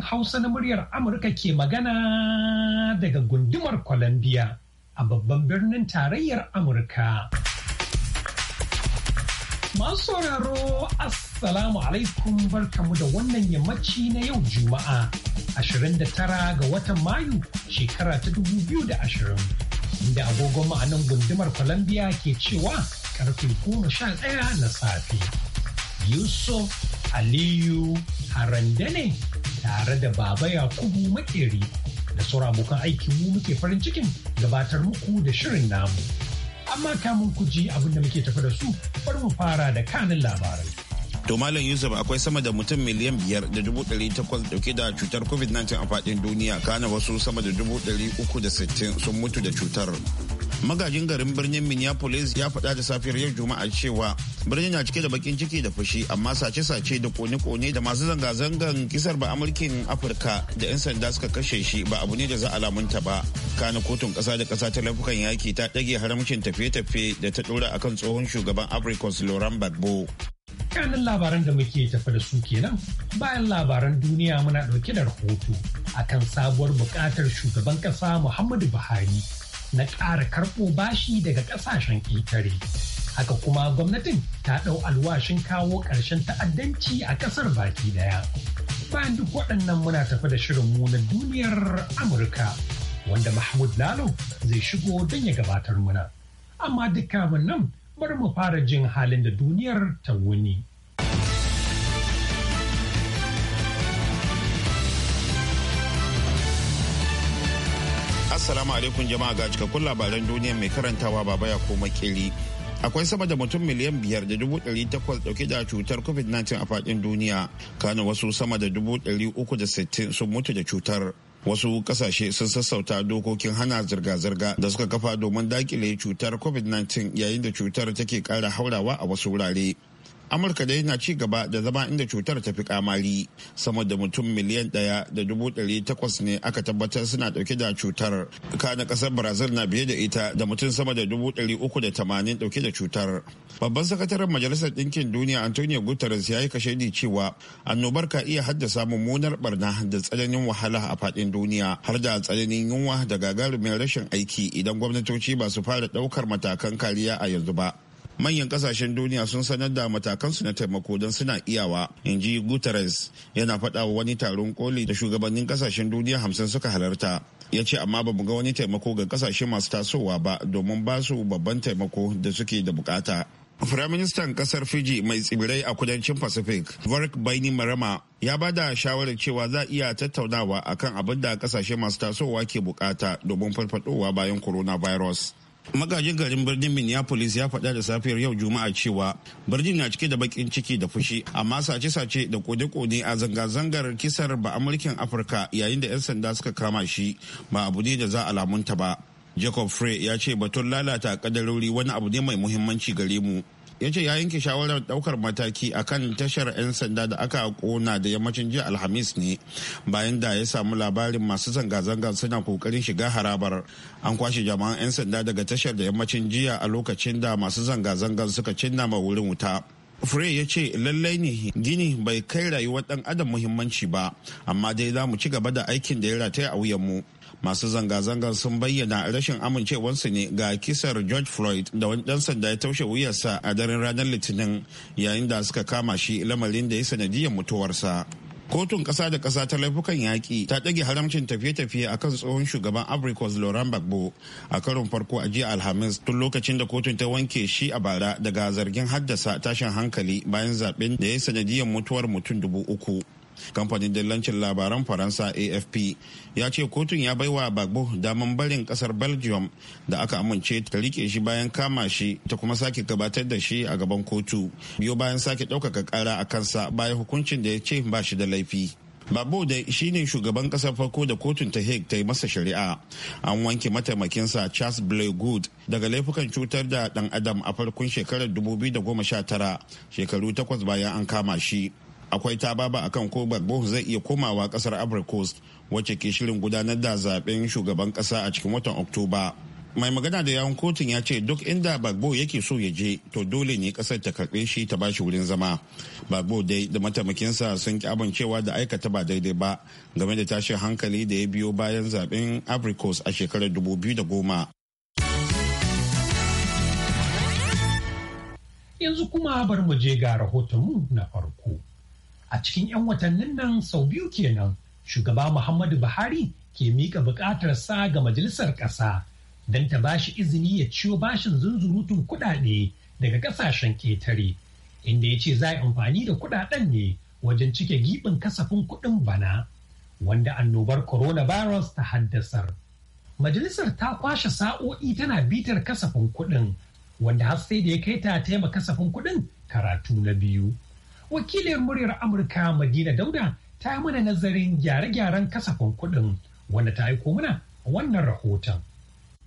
Hausa na muryar Amurka ke magana daga gundumar Columbia a babban birnin tarayyar Amurka. Masu sauraro Assalamu alaikum barkamu da wannan yammaci na yau Juma'a 29 ga watan Mayu shekara ta 2020 inda agogon ma'anin gundumar Columbia ke cewa karfe ɗaya na safe. Yusuf Aliyu Harandane tare da Baba Yakubu Makeri da sauran abokan aikin mu muke farin cikin gabatar muku da shirin namu. Amma kamun kuji ji abin da muke tafi da su bari mu fara da kanin labarai. To Malam Yusuf akwai sama da mutum miliyan biyar da dubu ɗari takwas dauke da cutar COVID-19 a faɗin duniya kana wasu sama da dubu ɗari uku da sittin sun mutu da cutar. magajin garin birnin minneapolis ya faɗa da safiyar yau juma'a cewa birnin na cike da bakin ciki da fushi amma sace-sace da kone-kone da masu zanga-zangan kisar ba amurkin afirka da 'yan sanda suka kashe shi ba abu ne da za a lamunta ba kana kotun ƙasa da kasa ta laifukan yaki ta ɗage haramcin tafiye-tafiye da ta ɗora akan tsohon shugaban africans laurent gbagbo kanin labaran da muke tafi da su kenan bayan labaran duniya muna ɗauke da rahoto akan sabuwar buƙatar shugaban ƙasa muhammadu buhari na ƙara karɓo bashi daga ƙasashen ƙetare. Haka kuma gwamnatin ta ɗau alwashin kawo ƙarshen ta'addanci a ƙasar baki ɗaya. Bayan duk waɗannan muna tafi da shirinmu na duniyar Amurka wanda Mahmud Lalo zai shigo don ya gabatar muna. Amma kamun nan bari mu fara jin halin da duniyar ta wuni. Assalamu alaikum jama'a ga cikakkun labaran duniya mai karantawa baba ya koma kiri. Akwai sama da mutum miliyan biyar da dubu ɗari takwas ɗauke da cutar COVID-19 a faɗin duniya. Kano wasu sama da dubu ɗari uku da sittin sun mutu da cutar. Wasu kasashe sun sassauta dokokin hana zirga-zirga da suka kafa domin dakile cutar COVID-19 yayin da cutar take ƙara haurawa a wasu wurare. amurka dai na ci gaba da zama inda cutar ta fi kamari sama da mutum miliyan ɗaya da dubu ɗari takwas ne aka tabbatar suna ɗauke da cutar kana kasar brazil na biye da ita da mutum sama da dubu ɗari uku da tamanin dauke da cutar babban sakataren majalisar ɗinkin duniya antonio guterres ya yi kashe di cewa annobar ka iya haddasa mummunar barna da tsananin wahala a fadin duniya har da tsananin yunwa da gagarumin rashin aiki idan gwamnatoci ba su fara daukar matakan kariya a yanzu ba manyan kasashen duniya sun sanar da matakansu na taimako don suna iyawa in ji guterres yana faɗa wa wani taron koli da shugabannin kasashen duniya hamsin suka halarta ya ce amma ba mu ga wani taimako ga kasashe masu tasowa ba domin ba su babban taimako da suke da bukata Firaministan kasar Fiji mai tsibirai a kudancin Pacific, Vark Baini Marama, ya ba da shawarar cewa za iya tattaunawa akan abin da kasashe masu tasowa ke bukata domin farfadowa bayan coronavirus. magajin garin birnin minneapolis ya faɗa da safiyar yau juma'a cewa birnin na cike da bakin ciki da fushi amma sace-sace da kode-kode a zanga-zangar kisar ba amurkin afirka yayin da 'yan sanda suka kama shi ba abu ne da za a lamunta ba jacob frey ya ce batun lalata kadarori wani abu ne mai muhimmanci gare mu ya ce ya yanke shawarar daukar mataki a kan tashar 'yan sanda da aka kona da yammacin jiya alhamis ne bayan da ya samu labarin masu zanga-zanga suna kokarin shiga harabar an kwashe jama'an 'yan sanda daga tashar da yammacin jiya a lokacin da masu zanga zanga suka cinna ma wurin wuta Frey ya ce lallai ne gini bai kai rayuwar dan adam muhimmanci ba amma dai za mu ci gaba da aikin da ya rataya a wuyanmu mu masu zanga-zangar sun bayyana rashin amincewarsu ne ga kisar george floyd da wani dan sanda ya taushe wuyarsa a daren ranar litinin yayin da suka kama shi lamarin da ya sanadiyar mutuwarsa kotun ƙasa da ƙasa ta laifukan yaƙi ta ɗage haramcin tafiye-tafiye a kan tsohon shugaban abricos laurent gbagbo a karon farko a jiya alhamis tun lokacin da kotun ta wanke shi a bara daga zargin haddasa tashin hankali bayan zaben da ya sanadiyar mutuwar mutum dubu uku kamfanin dillancin labaran faransa afp ya ce kotun ya baiwa bagbo daman barin kasar belgium da aka amince ta rike shi bayan kama shi ta kuma sake gabatar da shi a gaban kotu biyo bayan sake ɗaukaka kara a kansa bayan hukuncin da ya ce ba shi da laifi babu da ne shugaban kasar farko da kotun ta Hague ta yi masa shari'a. An wanke mataimakinsa Charles Blair Good daga laifukan cutar da dan adam a farkon shekarar 2019 shekaru takwas bayan an kama shi. akwai ta baba kan ko gbagbo zai iya komawa kasar coast wacce ke shirin gudanar da zaben shugaban kasa a cikin watan oktoba mai magana da yawon kotun ya ce duk inda bagbo yake so ya je to dole ne kasar ta karbe shi ta bashi wurin zama bagbo dai da mataimakinsa sun ki cewa da aikata ba daidai ba game da tashin hankali da ya biyo bayan zaben coast a shekarar 2010 yanzu kuma bar mu je ga rahoton na farko. a cikin 'yan watannin nan sau biyu kenan shugaba muhammadu buhari ke miƙa buƙatar sa ga majalisar ƙasa don ta ba shi izini ya ciyo bashin zunzurutun kuɗaɗe daga ƙasashen ketare inda ya ce za a amfani da kuɗaɗen ne wajen cike giɓin kasafin kuɗin bana wanda annobar coronavirus ta haddasar. Majalisar ta kwashe sa'o'i tana bitar kasafin kuɗin wanda har sai da ya kai ta taimaka kasafin kuɗin karatu na biyu. wakilin muryar amurka madina dauda ta yi mana nazarin gyare-gyaren kasafin kuɗin wanda ta aiko mana wannan rahoton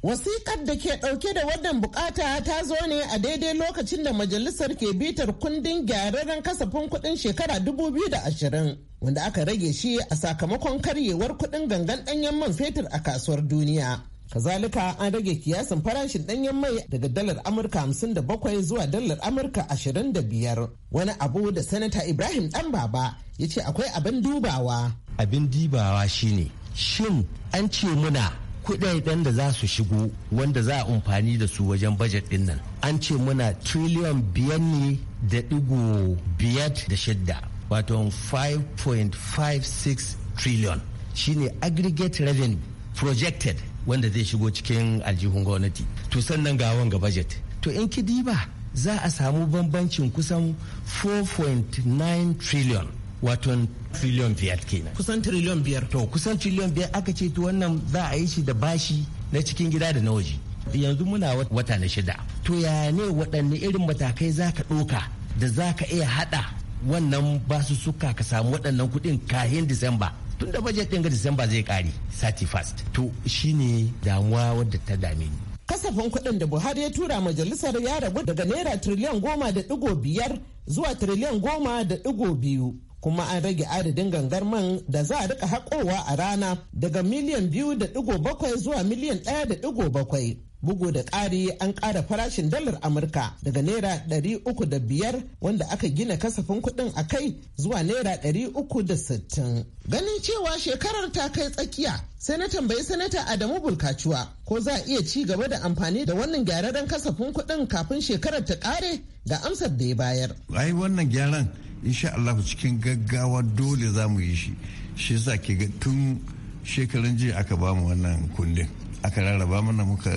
wasikar da ke ɗauke da wannan bukata ta zo ne a daidai lokacin da majalisar ke bitar kundin gyararren kasafin kuɗin shekara 2020 wanda aka rage shi a sakamakon karyewar kuɗin gangan ɗanyen man fetur a kasuwar duniya. Kazalika an rage kiyasin farashin danyen mai daga dalar Amurka 57 zuwa dalar Amurka 25 wani abu da Sanata Ibrahim ɗan baba ya ce akwai abin dubawa. Abin dubawa shine shin an ce muna kudaden da za su shigo wanda za a amfani da su wajen bajet din nan an ce muna trillion biyar ne da digo biyar da shidda wato 5.56 trillion shine aggregate revenue projected wanda zai shigo cikin aljihun gwamnati to sannan ga wanga budget to in ki diba za a samu bambancin kusan 4.9 trillion wato trillion biyar kenan kusan trillion biyar to kusan trillion biyar aka ce to wannan za a yi shi da bashi na cikin gida da na waje yanzu muna wata na shida to ya ne waɗanne irin matakai za ka ɗoka da za ka iya haɗa wannan basu suka ka samu waɗannan kuɗin kahin disamba tun da budget ɗin ga December zai ƙare 31 to shine damuwa wadda ta dame ni kasafin kuɗin da buhari ya tura majalisar ya ragu daga naira triliyan goma da ɗigo biyar zuwa triliyan goma da ɗigo biyu kuma an rage adadin gangar man da za a rika haƙowa a rana daga miliyan biyu da ɗigo bakwai zuwa miliyan ɗaya da ɗigo bakwai bugu da ƙari an ƙara farashin dalar amurka daga naira ɗari uku da biyar wanda aka gina kasafin kuɗin a kai zuwa naira ɗari uku da sittin ganin cewa shekarar ta kai tsakiya sai na tambayi sanata adamu bulkacuwa ko za a iya ci gaba da amfani da wannan gyararren kasafin kuɗin kafin shekarar ta ƙare ga amsar da ya bayar ai wannan gyaran insha Allah cikin gaggawa dole za mu yi shi shi yasa ke ga tun shekaran jiya aka bamu wannan kundin aka rarraba mana muka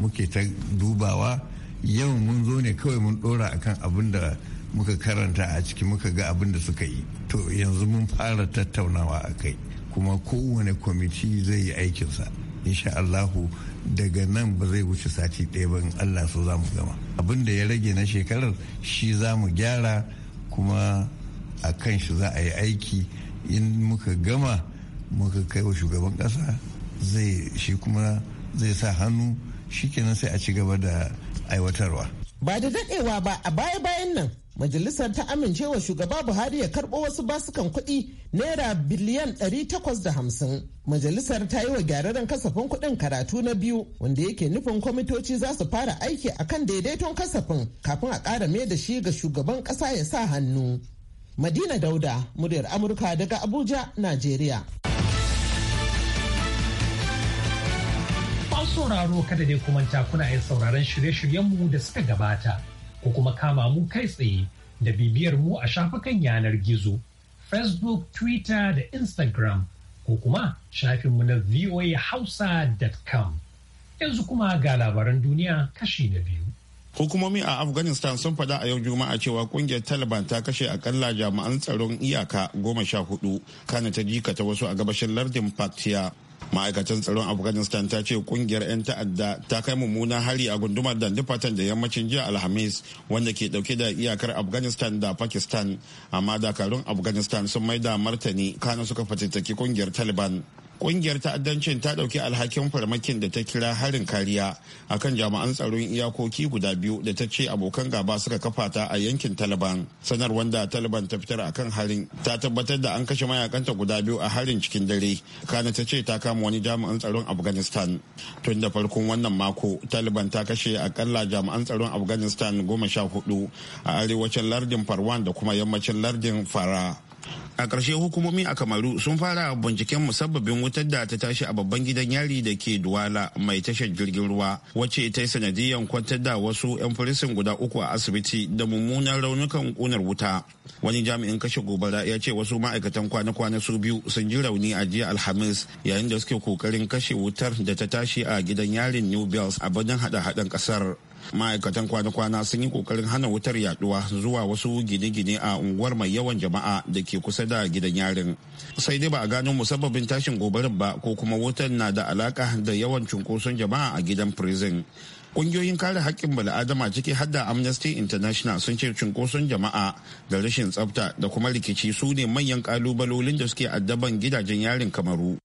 muke ta dubawa yau mun zo ne kawai mun dora akan abin da muka karanta a ciki muka ga abin da suka yi to yanzu mun fara tattaunawa a kai kuma kowane kwamiti zai yi aikinsa insha Allahu daga nan ba zai wuce sati ɗaya ba in Allah so za mu gama abin da ya rage na shekarar shi za mu gyara kuma a kan shi za a yi aiki in muka gama muka kai wa shugaban ƙasa zai shi kuma zai sa hannu shikenan sai a ci gaba da aiwatarwa ba da dadewa ba a baya bayan nan majalisar ta amincewa shugaba buhari ya karɓo wasu basukan kuɗi naira biliyan 850 majalisar ta yi wa gyararren kasafin kuɗin karatu na biyu wanda yake nufin kwamitoci za su fara aiki a kan daidaiton kasafin kafin a ƙara mai da shi ga shugaban ƙasa ya sa hannu madina dauda muryar amurka daga abuja najeriya sauraro kada dai kuma kuna yin sauraron shirye-shiryenmu da suka gabata ko kuma kama mu kai tsaye da bibiyar mu a shafukan yanar gizo Facebook, Twitter da Instagram ko kuma shafinmu na voahausa.com. Yanzu kuma ga labaran duniya kashi na biyu. Hukumomi a Afghanistan sun faɗa a yau Juma'a cewa kungiyar Taliban ta kashe akalla jami'an tsaron iyaka goma sha hudu kana ta jikata wasu a gabashin lardin Paktiya. ma'aikatan tsaron afghanistan ta ce kungiyar 'yan ta'adda ta kai mummunan hari a gundumar dandifatan da yammacin jiya alhamis wanda ke dauke da iyakar afghanistan da pakistan amma dakarun afghanistan sun maida martani kana suka fatattaki kungiyar taliban Ƙungiyar ta'addancin ta ɗauki alhakin farmakin da ta kira harin kariya akan jami'an tsaron iyakoki guda biyu da ta ce abokan gaba suka kafa ta a yankin Taliban. Sanar wanda Taliban ta fitar a kan harin ta tabbatar da an kashe mayakanta guda biyu a harin cikin dare. Kana ta ce ta kama wani jami'an tsaron Afghanistan. Tun da farkon wannan mako Taliban ta kashe akalla jami'an tsaron Afghanistan goma sha hudu a arewacin lardin Farwan da kuma yammacin lardin fara. a ƙarshe hukumomi a kamaru sun fara binciken musabbabin wutar da ta tashi a babban gidan yari da ke duwala mai tashar jirgin ruwa wacce ta yi sanadiyyar kwantar da wasu 'yan firisin guda uku a asibiti da mummunan raunukan ƙunar wuta wani jami'in kashe gobara ya ce wasu ma'aikatan kwana-kwana su biyu sun ji rauni a jiya alhamis yayin da suke kokarin kashe wutar da ta tashi a gidan yarin new bells a birnin hada-hadan ƙasar ma'aikatan kwana-kwana sun yi kokarin hana wutar yaduwa zuwa wasu gine-gine a unguwar mai yawan jama'a da ke kusa da gidan yarin sai dai ba a gano musabbabin tashin gobarin ba ko kuma wutar na da alaka da yawan cunkoson jama'a a gidan prison kungiyoyin kare haƙƙin bala'adama ciki hadda amnesty international sun ce cunkoson jama'a da rashin tsafta da kuma rikici su ne manyan ƙalubalolin da suke addaban gidajen yarin kamaru.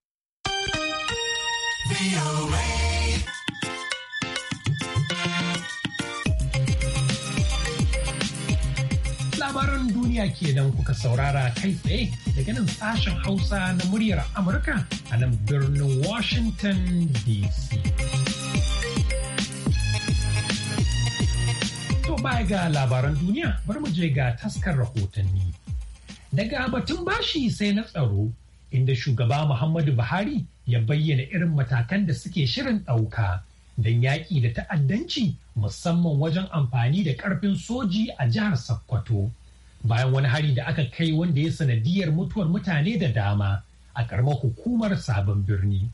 duniya nan kuka saurara kai tsaye daga nan sashen Hausa na muryar Amurka a nan birnin Washington DC. To baya ga labaran duniya bar mu je ga taskar rahotanni. Daga batun bashi sai na tsaro inda shugaba Muhammadu Buhari ya bayyana irin matakan da suke shirin ɗauka don yaƙi da ta'addanci musamman wajen amfani da ƙarfin soji a jihar Sokoto. bayan wani hari da aka kai wanda ya sanadiyar mutuwar mutane da dama a ƙaramar hukumar sabon birni.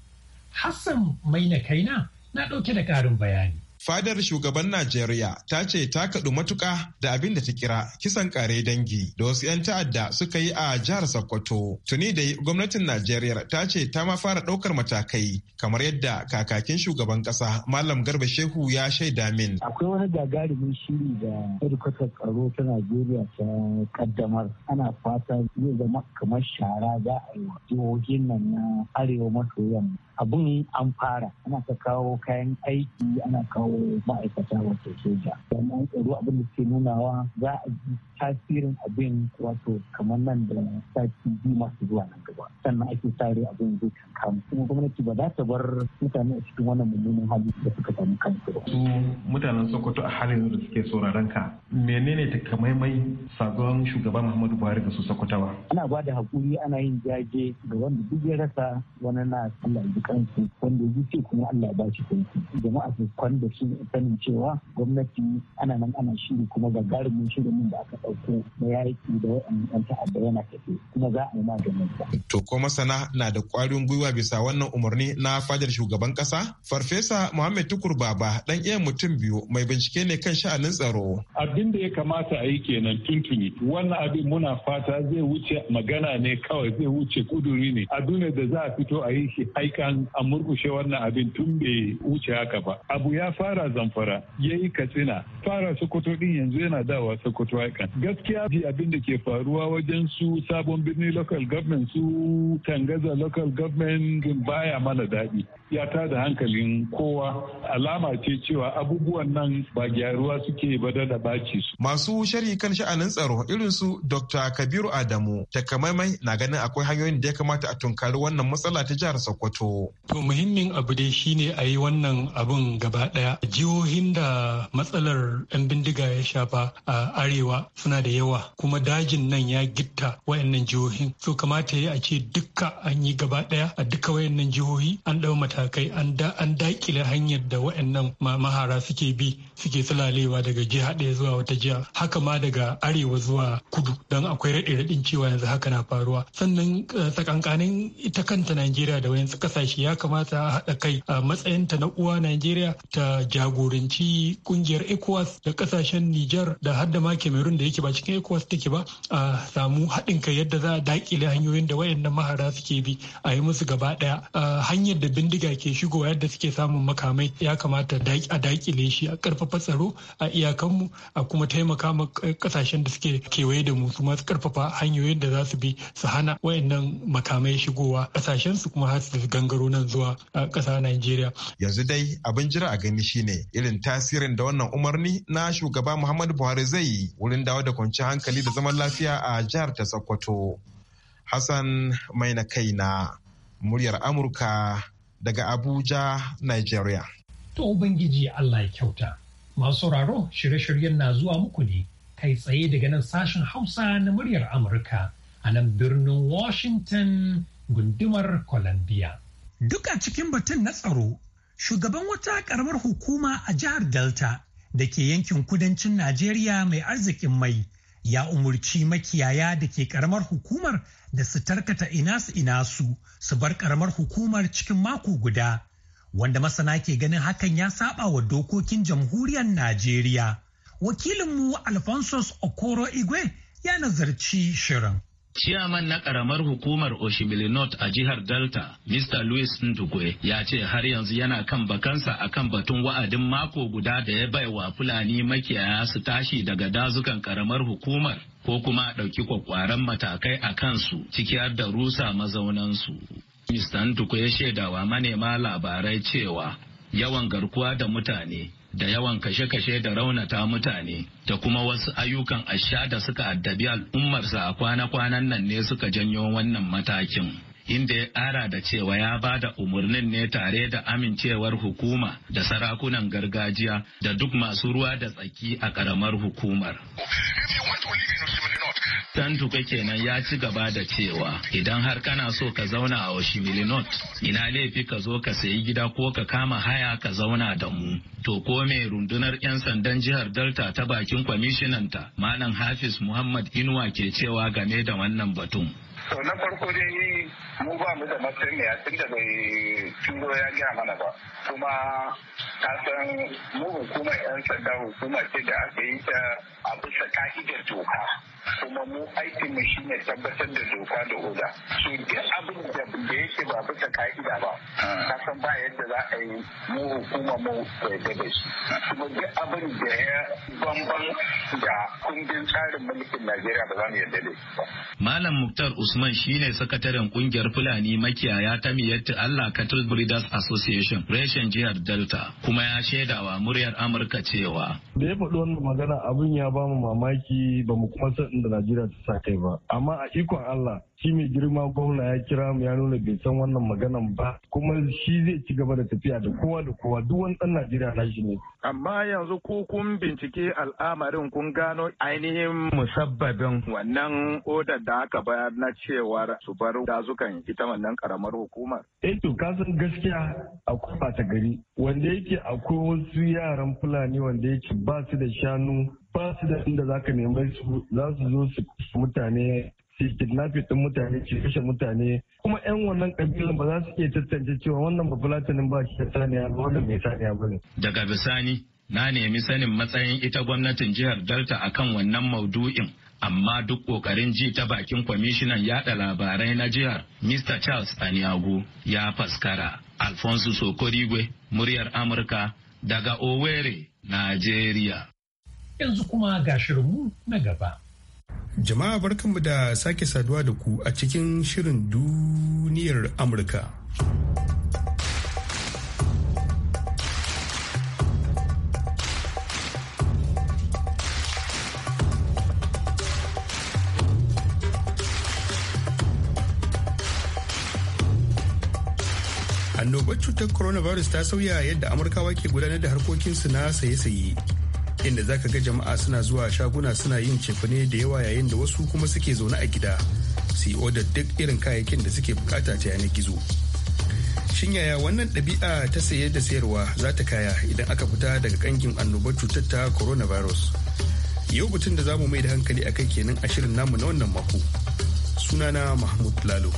Hassan Maina Kaina na ɗauke da ƙarin bayani. fadar shugaban Najeriya ta ce ta kaɗu matuƙa da abin da ta kira kisan ƙare dangi da wasu 'yan ta'adda suka yi a jihar Sokoto. Tuni da gwamnatin Najeriya ta ce ta ma fara ɗaukar matakai kamar yadda kakakin shugaban ƙasa Malam Garba Shehu ya shaida min. Akwai wani gagarumin shiri da hedikwatar tsaro ta Najeriya ta kaddamar. Ana fata zai zama kamar shara za a yi jihohin nan na arewa maso yamma. abun an fara ana ta kawo kayan aiki ana kawo ma'aikata wato soja an tsaro abin da ke nunawa za a ji tasirin abin wato kamar nan da sati biyu masu zuwa nan gaba sannan ake tsare abin zai kankamu kuma gwamnati ba za ta bar mutane a cikin wannan mummunan hali da suka samu kansu ba. su mutanen sokoto a halin da suke sauraron ka menene takamaimai sabon shugaba muhammadu buhari ga su sokotawa. ana ba da haƙuri ana yin jaje ga wanda duk ya rasa wani na Allah ya kansu wanda ya ce kuma Allah ba shi kansu jama'a su kwanda su sanin cewa gwamnati ana nan ana shiri kuma gagarumin shirin da aka ɗauko na yaki da wa'annan yan ta'adda yana tafe kuma za a yi maganin sa. To ko masana na da ƙwarin gwiwa bisa wannan umarni na fadar shugaban ƙasa? Farfesa Muhammad Tukur Baba ɗan iya mutum biyu mai bincike ne kan sha'anin tsaro. Abin da ya kamata a yi kenan tuntuni wannan abin muna fata zai wuce magana ne kawai zai wuce kuduri ne Abin da za a fito a yi shi haikan a murkushe wannan abin tun bai wuce haka ba abu ya fara zamfara ya yi katsina fara sokoto din yanzu yana dawa sokoto hakan gaskiya ji abin da ke faruwa wajen su sabon birni local government su tangaza local government baya mana daɗi ya ta da hankalin kowa alama ce cewa abubuwan nan ba gyaruwa suke ba da baci su. Masu shari kan sha'anin tsaro irin su Dr. Kabiru Adamu takamaimai na ganin akwai hanyoyin da ya kamata a tunkari wannan matsala ta jihar Sokoto. To muhimmin abu dai shine a yi wannan abun gaba daya. Jihohin da matsalar 'yan bindiga ya shafa a arewa suna da yawa kuma dajin nan ya gitta wayannan jihohin. So kamata ya a ce duka an yi gaba daya a duka wayannan jihohi an dau matakai an daƙile hanyar da wayannan mahara suke bi suke sulalewa daga jiha ɗaya zuwa wata jiha haka ma daga arewa zuwa kudu don akwai raɗe-raɗin cewa yanzu haka na faruwa sannan eh, tsakankanin ita kanta najeriya da wayansu kasashe ya kamata a haɗa kai a matsayin ta na uwa najeriya ta jagoranci ƙungiyar ecowas da kasashen niger da har da ma cameroon da yake ba cikin ecowas take ba a samu haɗin kai yadda za a daƙile hanyoyin da wayannan mahara suke bi a yi musu gaba ɗaya hanyar da bindiga ke shigowa yadda suke samun makamai ya kamata a daƙile shi a ƙarfafa karfafa tsaro a iyakanmu a kuma taimaka ma kasashen da suke kewaye da mu su masu karfafa hanyoyin da za su bi su hana wayannan makamai shigowa kasashen su kuma har su gangaro nan zuwa ƙasa Najeriya. Yanzu dai abin jira a gani shine irin tasirin da wannan umarni na shugaba Muhammadu Buhari zai yi wurin dawo da kwanciyar hankali da zaman lafiya a jihar ta Sokoto. Hassan mai na kaina muryar Amurka daga Abuja, Nigeria. To Ubangiji Allah ya kyauta. Masu sauraro shirye-shiryen na zuwa muku ne kai tsaye daga nan sashen Hausa na muryar Amurka a nan birnin Washington gundumar Columbia. Duka cikin batun na tsaro, shugaban wata karamar hukuma a jihar Delta da ke yankin kudancin Najeriya mai arzikin mai ya umurci makiyaya da ke karamar hukumar da su tarkata ina su ina su su bar karamar hukumar cikin mako guda. wanda masana ke ganin hakan ya saba wa dokokin jamhuriyar Najeriya. Wakilinmu Alphonsus Okoro Igwe ya nazarci shirin. Ciyaman na karamar hukumar Oshimilinot a jihar Delta, Mr. Louis Ndugwe, ya ce har yanzu yana kan bakansa a kan batun wa'adin mako guda da ya bai wa Fulani makiyaya su tashi daga dazukan karamar hukumar ko kuma ɗauki kwakwaran matakai a kansu ciki da rusa mazaunansu. Mr. Ntuku ya shaidawa manema labarai cewa yawan garkuwa da mutane da yawan kashe-kashe da raunata mutane da kuma wasu ayyukan asha da suka addabi al'ummarsa a kwana-kwanan nan ne suka janyo wannan matakin. inda ya ƙara da cewa ya ba da umarnin ne tare da amincewar hukuma da sarakunan gargajiya da duk masu ruwa da tsaki a karamar hukumar. Tantuka kenan ya ci gaba da cewa idan har kana so ka zauna a Oshimilinot, ina laifi ka zo ka sayi gida ko ka kama haya ka zauna da mu. To ko mai rundunar 'yan sandan jihar Delta ta bakin kwamishinanta, Malam Hafiz Muhammad Inuwa ke cewa game da wannan batun. to na farko dai mu ba mu da masaniya tun da bai turo ya gaya mana ba kuma ka san mu hukumar yan sanda hukuma ce da aka yi ta a bisa ka'idar doka kuma mu aikin mu shine tabbatar da doka da oda so duk abin da da yake ba bisa ka'ida ba ah. san ba yadda za a yi mu hukuma mu da da shi ah. kuma duk abin da ya bamban da kundin tsarin mulkin Najeriya ba za mu yarda da shi Malam Muktar Usman shine sakataren kungiyar Fulani makiyaya ta miyatta Allah Cattle Breeders Association reshen jihar Delta kuma ya shaidawa muryar Amurka cewa da ya faɗi wannan magana abin ya ba mu mamaki ba mu kuma san da Najeriya ta sa kai ba. Amma a ikon Allah shi mai girma gwamna ya kira mu ya nuna bai san wannan maganan ba kuma shi zai ci gaba da tafiya da kowa da kowa duk wani ɗan Najeriya na shi ne. Amma yanzu ko kun bincike al'amarin kun gano ainihin musabbabin wannan odar da aka bayar na cewar su bar dazukan ita wannan karamar hukumar. Eh to ka san gaskiya a kuma ta gari wanda yake akwai wasu yaran Fulani wanda yake ba su da shanu ba su da inda za ka nemi su za su zo su mutane su kidnapping din mutane su kashe mutane kuma yan wannan kabilan ba za su iya tantance cewa wannan bafulatinin ba shi da saniya ba wannan mai saniya ba ne. Daga bisani na nemi sanin matsayin ita gwamnatin jihar Delta akan wannan maudu'in. amma duk kokarin ji ta bakin kwamishinan yada labarai na jihar mr charles aniago ya faskara alfonso sokorigwe muryar amurka daga owerri nigeria yanzu kuma ga shirinmu na gaba. Jama'a barkanmu da sake saduwa da ku a cikin shirin duniyar Amurka. Annobar cutar coronavirus ta sauya yadda Amurkawa ke gudanar da harkokinsu na saye-saye. inda za ka ga jama'a suna zuwa shaguna suna yin cefane da yawa yayin da wasu kuma suke zaune a gida su yi odar duk irin kayayyakin da suke bukata ta yanar gizo shin yaya wannan ɗabi'a ta saye da sayarwa za ta kaya idan aka fita daga kangin annobar cutar ta coronavirus yau batun da za mu mai da hankali a kai kenan a shirin namu na wannan mako sunana mahmud lalo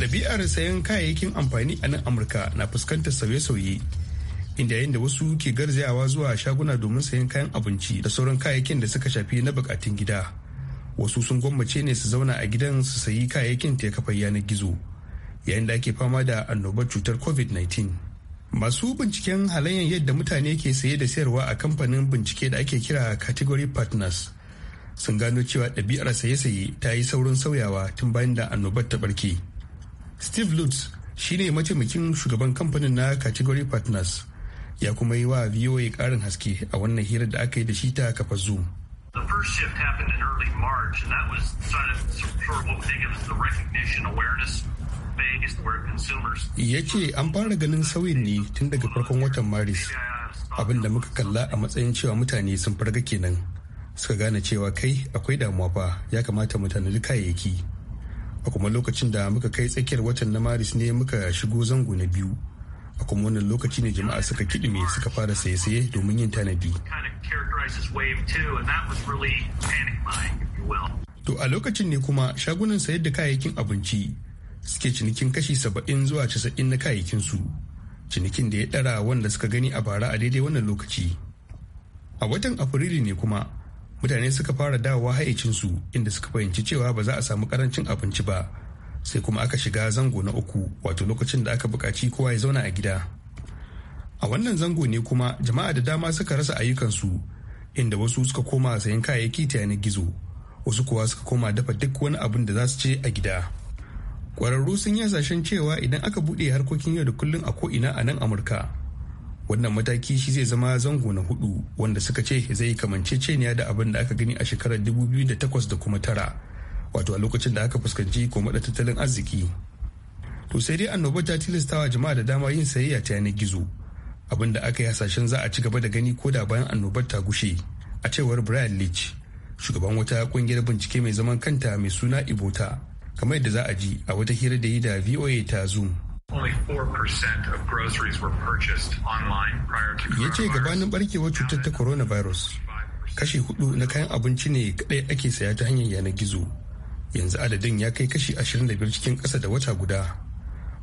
ɗabi'ar sayan kayayyakin amfani a nan amurka na fuskantar sauye-sauye inda yayin da wasu ke garzayawa zuwa shaguna domin sayan kayan abinci da sauran kayayyakin da suka shafi na bukatun gida wasu sun gwammace ne su zauna a gidan su sayi kayayyakin ta kafar yanar gizo yayin da ake fama da annobar cutar covid-19 masu binciken halayen yadda mutane ke saye da sayarwa a kamfanin bincike da ake kira category partners sun gano cewa ɗabi'ar saye-saye ta yi saurin sauyawa tun bayan da annobar ta barke steve lutz shine mataimakin shugaban kamfanin na category partners ya kuma yi wa voa karin haske a wannan hira da aka yi da shi ta kafa zoom The first shift happened in early March, and that was sort of, sort of what we think recognition awareness phase where consumers. Ya ce an fara ganin sauyin ne tun daga farkon watan Maris, abin da muka kalla a matsayin cewa mutane sun farga kenan. Suka gane cewa kai akwai damuwa fa ya kamata mu tanadi kayayyaki. a kuma lokacin da muka kai tsakiyar watan na maris ne muka shigo zango na biyu a kuma wannan lokaci ne jama'a suka kidime suka fara saye-saye domin yin tanadi to a lokacin ne kuma shagunan sayar da kayayyakin abinci suke cinikin kashi saba'in zuwa casa'in na kayayyakin su cinikin da ya ɗara wanda suka gani a bara a daidai wannan lokaci a watan afrilu ne kuma mutane suka fara dawowa haicinsu inda suka fahimci cewa ba za a samu karancin abinci ba sai kuma aka shiga zango na uku wato lokacin da aka buƙaci kowa ya zauna a gida a wannan zango ne kuma jama'a da dama suka rasa ayyukansu inda wasu suka koma sayan kayayyaki ta yanar gizo wasu kuwa suka koma dafa duk wani abin da za su ce a gida kwararru sun yi hasashen cewa idan aka buɗe harkokin yau da kullum a ko'ina a nan amurka wannan mataki shi zai zama zango na hudu wanda suka ce zai kamance kamanceceniya da abin da aka gani a shekarar 2008 da kuma tara wato a lokacin da aka fuskanci komada tattalin arziki to sai dai annoba ta tilastawa jama'a da dama yin sayayya ta yanar gizo abin da aka yi hasashen za a ci gaba da gani ko da bayan annobar ta gushe a cewar brian leach shugaban wata kungiyar bincike mai zaman kanta mai suna ibota kamar yadda za a ji a wata hira da yi da voa ta zoom Ya ce gabanin barkewar cutar ta coronavirus kashi hudu na kayan abinci ne kadai ake saya ta hanyar yanar gizo. Yanzu adadin ya kai kashi 25 cikin ƙasa da wata guda.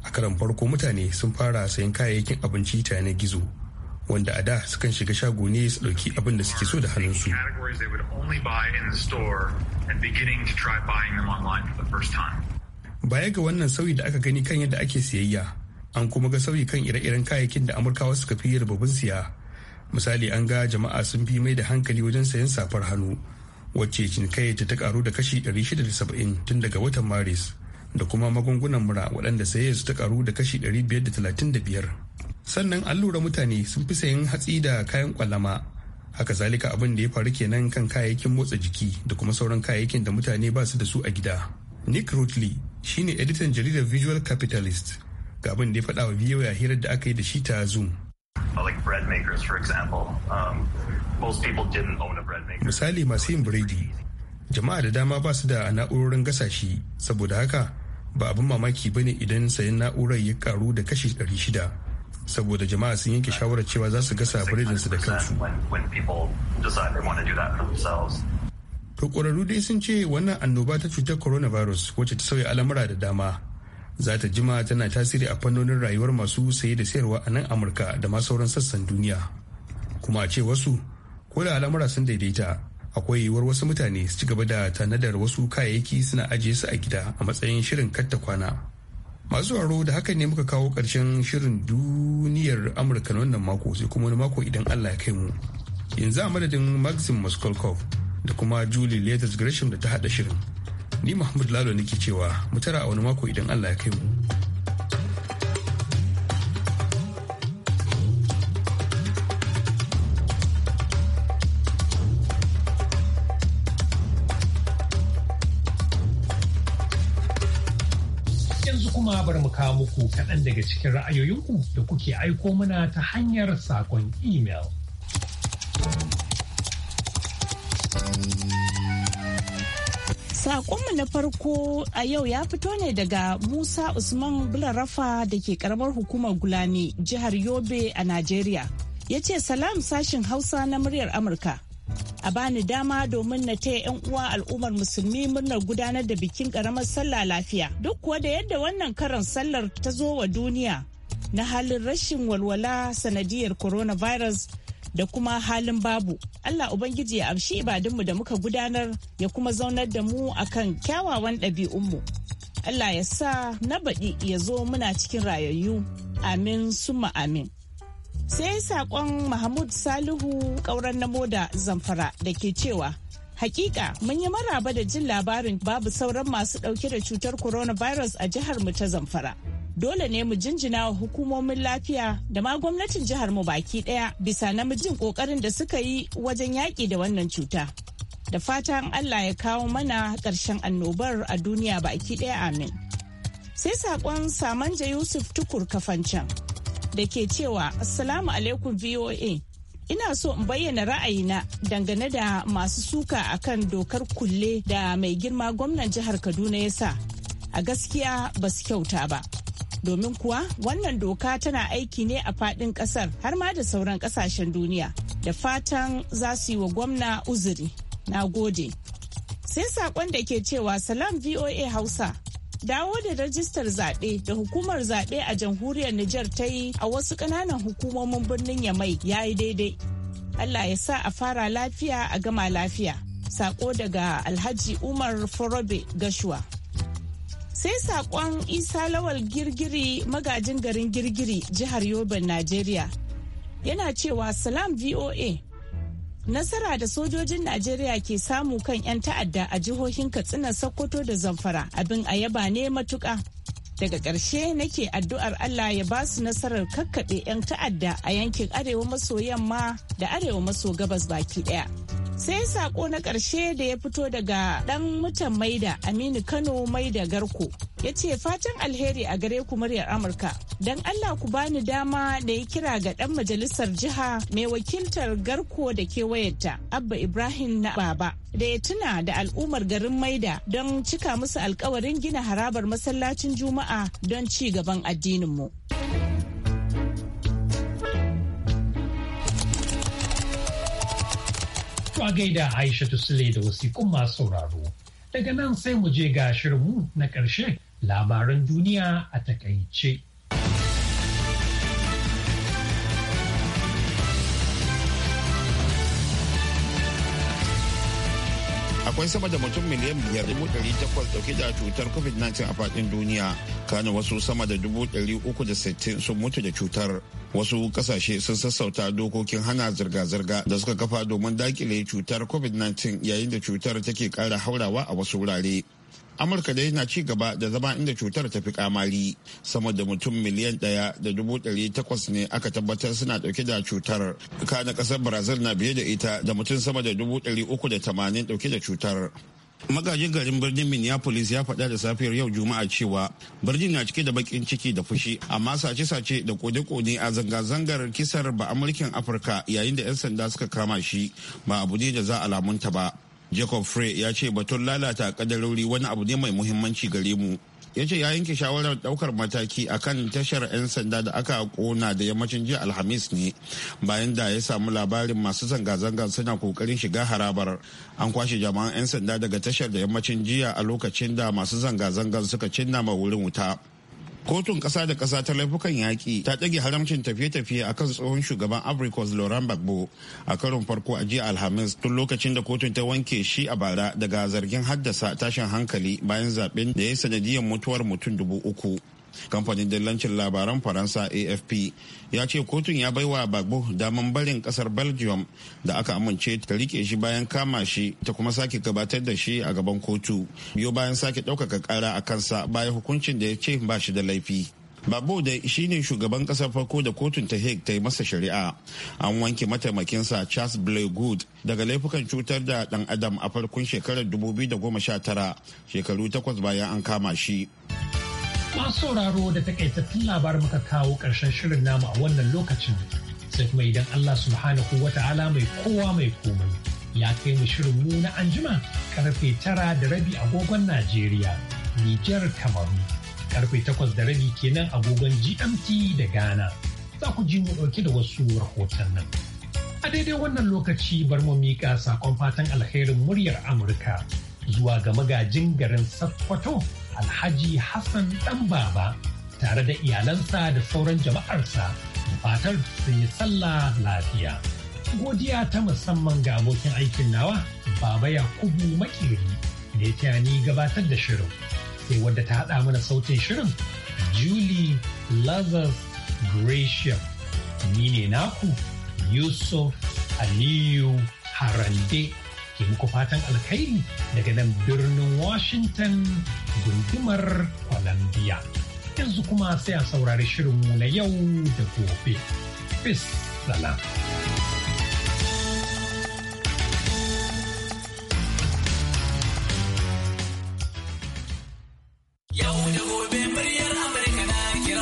A karan farko mutane sun fara sayan kayayyakin abinci ta yanar gizo. wanda a da sukan shiga shago ne su ɗauki abin da suke so da hannunsu. baya ga wannan sauyi da aka gani kan yadda ake siyayya an kuma ga sauyi kan ire-iren kayayyakin da amurkawa suka fi rububin siya misali an ga jama'a sun fi mai da hankali wajen sayan safar hannu wacce cinikayya ta karu da kashi 670 tun daga watan maris da kuma magungunan mura waɗanda saye su ta karu da kashi 535 sannan an lura mutane sun fi sayan hatsi da kayan kwalama haka zalika abin da ya faru kenan kan kayayyakin motsa jiki da kuma sauran kayayyakin da mutane ba su da su a gida nick rutley shine editan jaridar Visual Capitalist ga abin da ya faɗa wa ya hirar da aka yi da shi ta Zoom. Um, Misali masu yin biredi, jama'a da dama ba su da na'urorin gasa shi saboda haka ba abin mamaki ba ne idan sayan na'urar ya karu da kashi 600 saboda jama'a sun yanke shawarar cewa za su gasa biredinsu da kansu. to ƙwararru dai sun ce wannan annoba ta cutar coronavirus wacce ta sauya al'amura da dama za ta jima tana tasiri a fannonin rayuwar masu saye da sayarwa a nan amurka da ma sauran sassan duniya kuma a ce wasu ko da al'amura sun daidaita akwai yiwuwar wasu mutane su ci gaba da tanadar wasu kayayyaki suna ajiye su a gida a matsayin shirin katta kwana masu sauraro da hakan ne muka kawo ƙarshen shirin duniyar amurka na wannan mako sai kuma wani mako idan allah ya kai mu yanzu a madadin maxim moskolkov da kuma Julie Letters Gresham da ta haɗa shirin. Ni Mahmud Lalo nake cewa mu tara a wani mako idan Allah ya kai mu. Yanzu kuma bar mu kawo muku kaɗan daga cikin ra'ayoyinku da kuke aiko mana ta hanyar saƙon imel. Sakonmu na farko a yau ya fito ne daga Musa Usman Bularafa da ke karamar hukumar Gulani jihar Yobe a Najeriya. Ya ce salam sashin Hausa na muryar Amurka. A bani dama domin na taya 'yan uwa al'ummar musulmi murnar gudanar da bikin karamar sallah lafiya. Duk kuwa da yadda wannan karan sallar ta zo wa duniya na halin rashin walwala sanadiyar coronavirus da kuma halin babu. Allah Ubangiji ya amshi ibadunmu da muka gudanar ya kuma zaunar da mu akan kyawawan ɗabi'unmu. Allah ya sa na baɗi ya zo muna cikin rayayyu. Amin summa amin. Sai saƙon Mahmud Salihu ƙauren na moda zamfara da ke cewa Hakika mun yi maraba da jin labarin babu sauran masu ɗauke da cutar coronavirus a jihar mu ta zamfara. dole ne mu jinjina wa hukumomin lafiya da ma gwamnatin jihar mu baki daya bisa namijin kokarin da suka yi wajen yaƙi da wannan cuta da fatan allah ya kawo mana ƙarshen annobar a duniya baki daya amin sai saƙon samanja yusuf tukur kafancan da ke cewa assalamu alaikum voa ina so in bayyana ra'ayina dangane da masu suka akan dokar kulle da mai girma gwamnan jihar kaduna ya sa a gaskiya ba su kyauta ba domin kuwa wannan doka tana aiki ne a fadin kasar har ma da sauran kasashen duniya da fatan za su yi wa gwamna uzuri na gode sai saƙon da ke cewa salam voa hausa dawo da rajistar zaɓe da hukumar zaɓe a jamhuriyar Nijar ta yi a wasu ƙananan hukumomin birnin Yamai ya yi daidai. Allah ya sa a fara lafiya a gama lafiya. Sako daga Alhaji Umar Forobe Gashua. sai sakon isa lawal girgiri magajin garin girgiri jihar yobin najeriya yana cewa salam voa nasara da sojojin najeriya ke samu kan 'yan ta'adda a jihohin katsina sokoto da zamfara abin a yaba ne matuka daga ƙarshe nake addu'ar allah ya ba su nasarar kakkaɓe 'yan ta'adda a yankin arewa maso yamma da arewa maso gabas baki ɗaya sai sako na ƙarshe da ya fito daga ɗan mutan maida aminu kano maida garko ya ce fatan alheri a gare ku muryar amurka don allah ku bani dama da ya kira ga ɗan majalisar jiha mai wakiltar garko da kewayenta abba ibrahim na baba da ya tuna da al'ummar garin maida don cika musu alkawarin gina harabar masallacin juma'a don ci gaban addinin mu a gaida Aisha Sule da wasiƙun masu sauraro. Daga nan sai mu je ga shirinmu na ƙarshe labaran duniya a takaice. akwai sama da mutum miliyan biyar dubu ɗari takwas dauke da cutar covid-19 a faɗin duniya kana wasu sama da dubu ɗari uku da sittin sun mutu da cutar wasu kasashe sun sassauta dokokin hana zirga-zirga da suka kafa domin dakile cutar covid-19 yayin da cutar take kara haurawa a wasu wurare amurka dai na ci gaba da zama inda cutar ta fi kamari sama da mutum miliyan ɗaya da dubu ɗari takwas ne aka tabbatar suna ɗauke da cutar kana ƙasar brazil na biye da ita da mutum sama da dubu ɗari uku da tamanin dauke da cutar magajin garin birnin minneapolis ya faɗa da safiyar yau juma'a cewa birnin na cike da bakin ciki da fushi amma sace-sace da kode-kode a zanga-zangar kisar ba amurkin afirka yayin da 'yan sanda suka kama shi ba abu ne da za a lamunta ba jacob frey ya ce batun lalata kadarori wani abu ne mai muhimmanci gare mu ya ce ya yanke shawarar daukar mataki a kan tashar 'yan sanda da aka kona da yammacin jiya alhamis ne bayan da ya samu labarin masu zanga-zanga suna kokarin shiga harabar an kwashe jama'an 'yan sanda daga tashar da yammacin jiya a lokacin da masu zanga zanga suka cinna ma wurin wuta kotun ƙasa da ƙasa ta laifukan yaƙi ta ɗage haramcin tafiye-tafiye a kan tsohon shugaban africos lauren gbagbo a karon farko a jiya alhamis tun lokacin da kotun ta wanke shi a bara daga zargin haddasa tashin hankali bayan zaben da ya sanadiyar mutuwar mutum dubu uku kamfanin dillancin labaran faransa afp ya ce kotun ya bai wa bagbo daman barin kasar belgium da aka amince ta rike shi bayan kama shi ta kuma sake gabatar da shi a gaban kotu biyo bayan sake ɗaukaka ƙara a kansa bayan hukuncin da ya ce ba shi da laifi babu da ne shugaban kasar farko da kotun ta Hague ta yi masa shari'a. An wanke mataimakinsa Charles Blair Good daga laifukan cutar da dan adam a farkon shekarar 2019 shekaru takwas bayan an kama shi. Masu sauraro da takaitattun labarin muka kawo ƙarshen shirin namu a wannan lokacin sai kuma idan Allah subhanahu wa ta'ala mai kowa mai komai ya kai mu shirin mu na anjima karfe tara da rabi agogon Najeriya, Nijar Kamaru, karfe takwas da rabi kenan agogon GMT da Ghana. Za ku ji mu ɗauki da wasu rahoton nan. A daidai wannan lokaci bar mu miƙa sakon fatan alherin muryar Amurka zuwa ga magajin garin Sokoto Alhaji Hassan ɗan baba tare da iyalansa da sauran jama'arsa da fatar su yi sallah lafiya. Godiya ta musamman ga abokin aikin nawa Baba Yakubu Makiri da ya ni gabatar da shirin. Sai wadda ta haɗa mana sautin shirin Julie Lazarus Gratium. Ni ne naku Yusuf Aliyu Harande. ke muku fatan alkhairi daga nan birnin Washington gundumar Columbia. Yanzu kuma sai a saurari shirinmu na yau da gobe. Peace, salam.